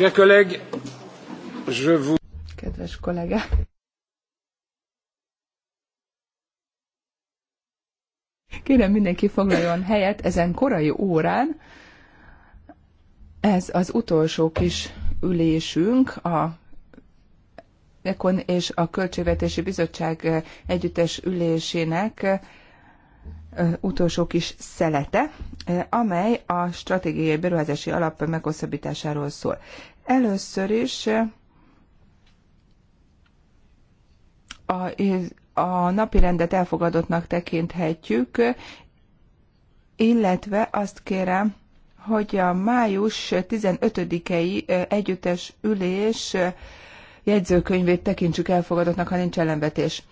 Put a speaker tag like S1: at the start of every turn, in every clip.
S1: Chers collègues, je vous... Kedves
S2: kollega. Kérem mindenki foglaljon helyet ezen korai órán. Ez az utolsó kis ülésünk a Ekon és a Költségvetési Bizottság együttes ülésének utolsó kis szelete, amely a stratégiai beruházási alap meghosszabbításáról szól. Először is a, a napi rendet elfogadottnak tekinthetjük, illetve azt kérem, hogy a május 15-i együttes ülés jegyzőkönyvét tekintsük elfogadottnak, ha nincs ellenvetés.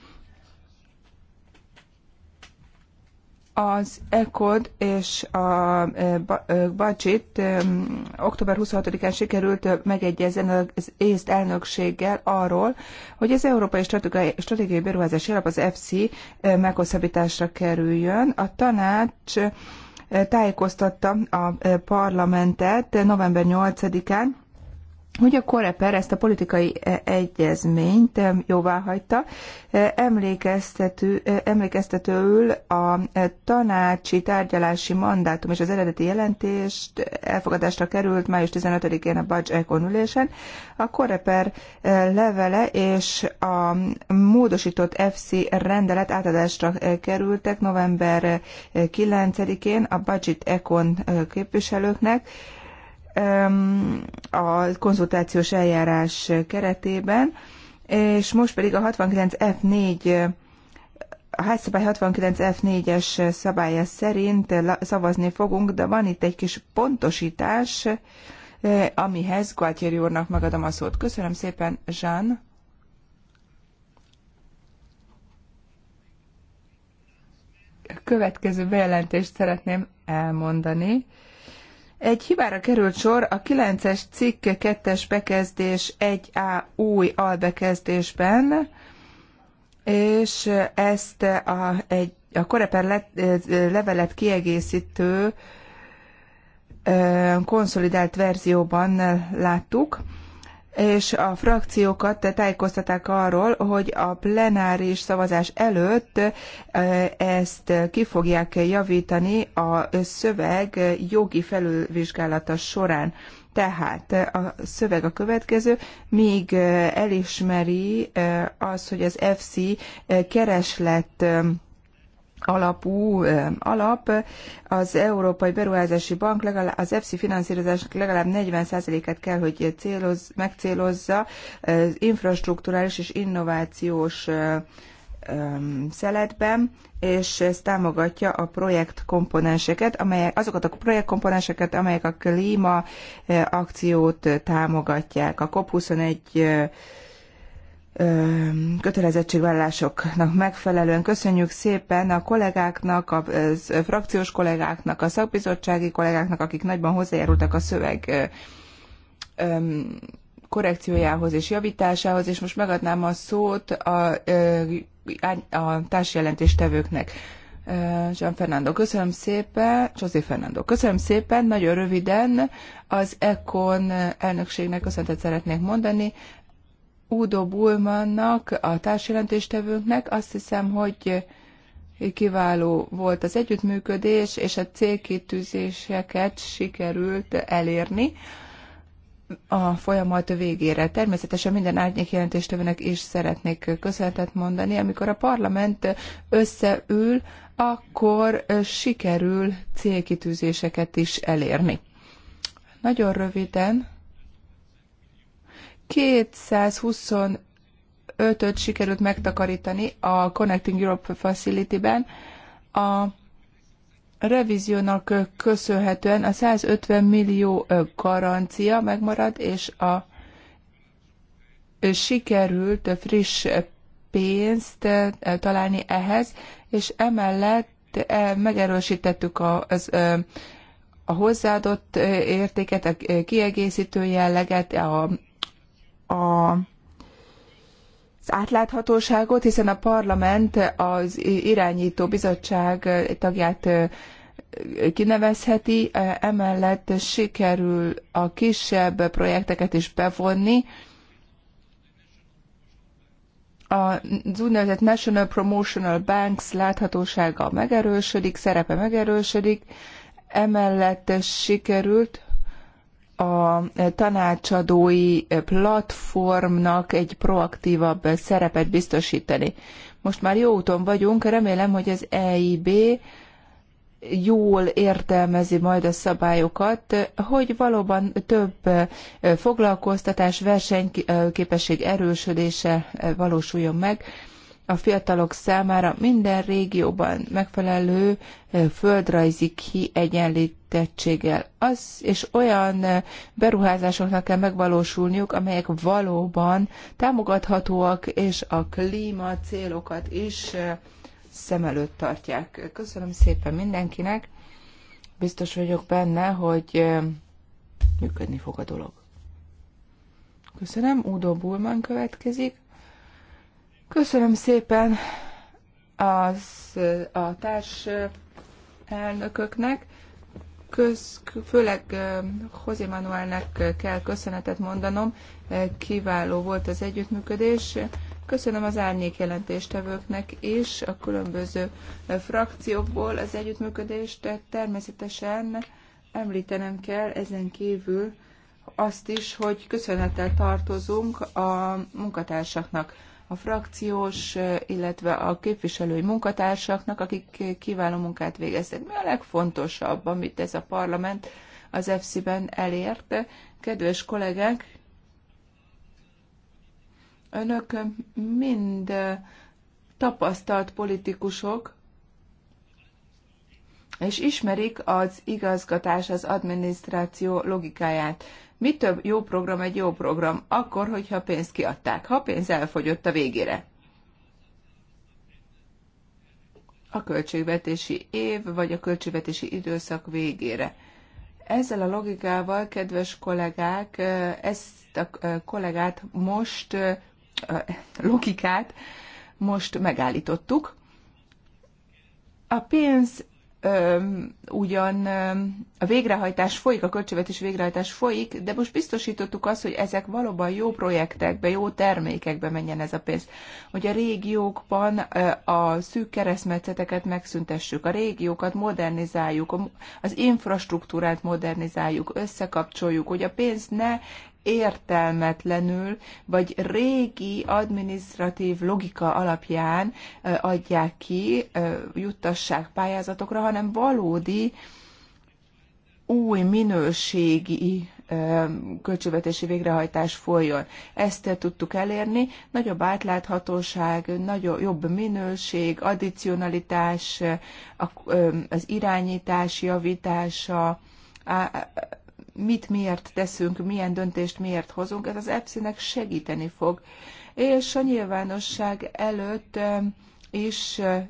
S2: Az ECOD és a budget október 26-án sikerült megegyezni az észt elnökséggel arról, hogy az Európai Stratégiai Beruházási Alap, az FC meghosszabbításra kerüljön. A tanács tájékoztatta a parlamentet november 8-án, hogy a Koreper ezt a politikai e, egyezményt e, jóvá hagyta, e, emlékeztető, emlékeztetőül a tanácsi tárgyalási mandátum és az eredeti jelentést elfogadásra került május 15-én a Budge Econ ülésen. A Koreper levele és a módosított FC rendelet átadásra kerültek november 9-én a Budget Econ képviselőknek a konzultációs eljárás keretében, és most pedig a 69F4 a házszabály 69F4-es szabálya szerint szavazni fogunk, de van itt egy kis pontosítás, eh, amihez Gualtieri úrnak megadom a szót. Köszönöm szépen, Jean. A következő bejelentést szeretném elmondani. Egy hibára került sor a 9-es cikk 2-es bekezdés 1A új albekezdésben, és ezt a, egy, a koreper le, levelet kiegészítő konszolidált verzióban láttuk és a frakciókat tájékoztatták arról, hogy a plenáris szavazás előtt ezt ki fogják javítani a szöveg jogi felülvizsgálata során. Tehát a szöveg a következő, míg elismeri az, hogy az FC kereslet alapú alap, az Európai Beruházási Bank legalább, az EFSI finanszírozásnak legalább 40 et kell, hogy céloz, megcélozza infrastruktúrális és innovációs szeletben, és ez támogatja a projektkomponenseket, amelyek, azokat a projektkomponenseket, amelyek a klíma akciót támogatják. A COP21 kötelezettségvállalásoknak megfelelően. Köszönjük szépen a kollégáknak, a frakciós kollégáknak, a szakbizottsági kollégáknak, akik nagyban hozzájárultak a szöveg korrekciójához és javításához, és most megadnám a szót a, a társjelentéstevőknek. Jean Fernando, köszönöm szépen, José Fernando, köszönöm szépen, nagyon röviden az ECON elnökségnek köszöntet szeretnék mondani, Udo Bulmannak, a társjelentéstevőnknek. Azt hiszem, hogy kiváló volt az együttműködés, és a célkitűzéseket sikerült elérni a folyamat végére. Természetesen minden árnyék jelentéstevőnek is szeretnék köszönetet mondani. Amikor a parlament összeül, akkor sikerül célkitűzéseket is elérni. Nagyon röviden 225-öt sikerült megtakarítani a Connecting Europe Facility-ben. A revíziónak köszönhetően a 150 millió garancia megmarad, és a sikerült friss pénzt találni ehhez, és emellett megerősítettük az, a hozzáadott értéket, a kiegészítő jelleget, a a az átláthatóságot, hiszen a parlament az irányító bizottság tagját kinevezheti, emellett sikerül a kisebb projekteket is bevonni. Az úgynevezett National Promotional Banks láthatósága megerősödik, szerepe megerősödik, emellett sikerült a tanácsadói platformnak egy proaktívabb szerepet biztosítani. Most már jó úton vagyunk, remélem, hogy az EIB jól értelmezi majd a szabályokat, hogy valóban több foglalkoztatás, versenyképesség erősödése valósuljon meg, a fiatalok számára minden régióban megfelelő földrajzi kiegyenlítettséggel. Az, és olyan beruházásoknak kell megvalósulniuk, amelyek valóban támogathatóak, és a klíma célokat is szem előtt tartják. Köszönöm szépen mindenkinek. Biztos vagyok benne, hogy működni fog a dolog. Köszönöm, Udo Bulman következik. Köszönöm szépen az, a társ elnököknek, köz, főleg José Manuelnek kell köszönetet mondanom, kiváló volt az együttműködés. Köszönöm az árnyék jelentéstevőknek és a különböző frakciókból az együttműködést. Természetesen említenem kell ezen kívül azt is, hogy köszönettel tartozunk a munkatársaknak a frakciós, illetve a képviselői munkatársaknak, akik kiváló munkát végeztek. Mi a legfontosabb, amit ez a parlament az EFSZ-ben elért? Kedves kollégák, önök mind tapasztalt politikusok, és ismerik az igazgatás, az adminisztráció logikáját. Mi több jó program egy jó program? Akkor, hogyha pénzt kiadták. Ha pénz elfogyott a végére. A költségvetési év vagy a költségvetési időszak végére. Ezzel a logikával, kedves kollégák, ezt a kollégát most, logikát most megállítottuk. A pénz ugyan a végrehajtás folyik, a költségvetés végrehajtás folyik, de most biztosítottuk azt, hogy ezek valóban jó projektekbe, jó termékekbe menjen ez a pénz. Hogy a régiókban a szűk keresztmetszeteket megszüntessük, a régiókat modernizáljuk, az infrastruktúrát modernizáljuk, összekapcsoljuk, hogy a pénz ne értelmetlenül, vagy régi adminisztratív logika alapján adják ki, juttassák pályázatokra, hanem valódi új minőségi költségvetési végrehajtás folyjon. Ezt tudtuk elérni, nagyobb átláthatóság, nagyobb, jobb minőség, addicionalitás, az irányítás javítása, mit miért teszünk, milyen döntést miért hozunk, ez az EPSZ-nek segíteni fog. És a nyilvánosság előtt um, is um,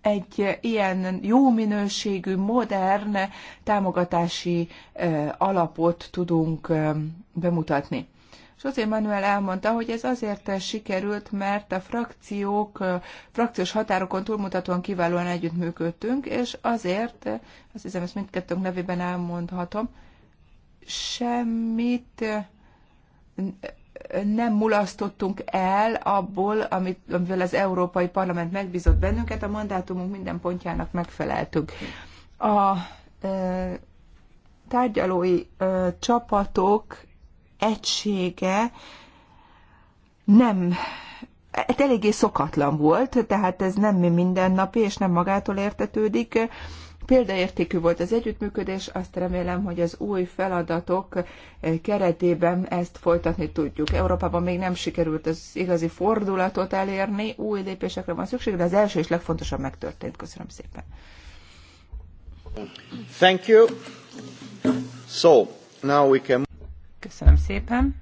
S2: egy ilyen jó minőségű, modern támogatási um, alapot tudunk bemutatni. José Manuel elmondta, hogy ez azért sikerült, mert a frakciók, frakciós határokon túlmutatóan kiválóan együttműködtünk, és azért, azt hiszem, ezt mindkettőnk nevében elmondhatom, semmit nem mulasztottunk el abból, amit, amivel az Európai Parlament megbízott bennünket, a mandátumunk minden pontjának megfeleltünk. A e, tárgyalói e, csapatok egysége nem hát eléggé szokatlan volt, tehát ez nem mindennapi és nem magától értetődik. Példaértékű volt az együttműködés, azt remélem, hogy az új feladatok keretében ezt folytatni tudjuk. Európában még nem sikerült az igazi fordulatot elérni, új lépésekre van szükség, de az első és legfontosabb megtörtént. Köszönöm szépen.
S1: Thank you. So, now we can... Köszönöm szépen.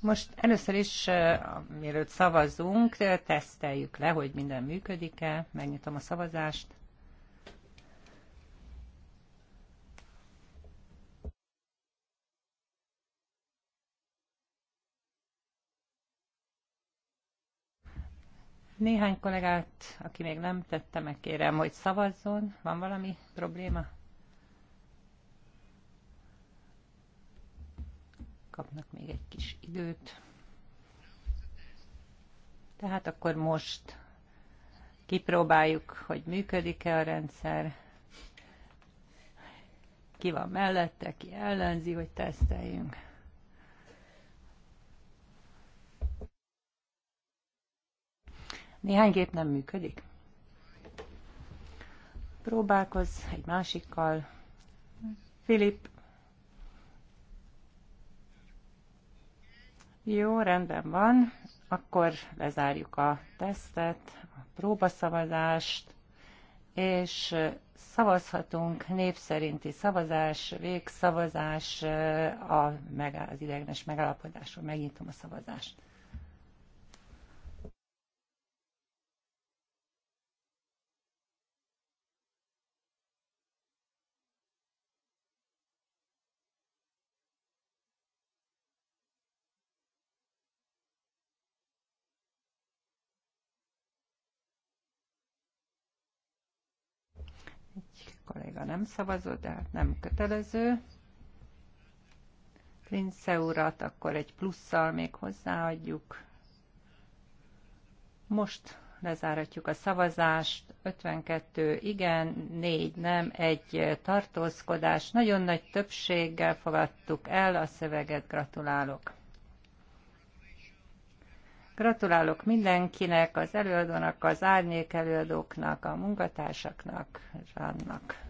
S1: Most először is, mielőtt szavazzunk, teszteljük le, hogy minden működik-e. Megnyitom a szavazást. Néhány kollégát, aki még nem tette meg, kérem, hogy szavazzon. Van valami probléma? kapnak még egy kis időt. Tehát akkor most kipróbáljuk, hogy működik-e a rendszer, ki van mellette, ki ellenzi, hogy teszteljünk. Néhány gép nem működik. Próbálkozz egy másikkal. Filip, Jó, rendben van. Akkor lezárjuk a tesztet, a próbaszavazást, és szavazhatunk népszerinti szavazás, végszavazás a, az idegenes megállapodásról. Megnyitom a szavazást. kolléga nem szavazott, de hát nem kötelező. Lince urat akkor egy plusszal még hozzáadjuk. Most lezáratjuk a szavazást. 52 igen, 4 nem, egy tartózkodás. Nagyon nagy többséggel fogadtuk el a szöveget. Gratulálok! Gratulálok mindenkinek, az előadónak, az árnyék előadóknak, a munkatársaknak, Zsannak.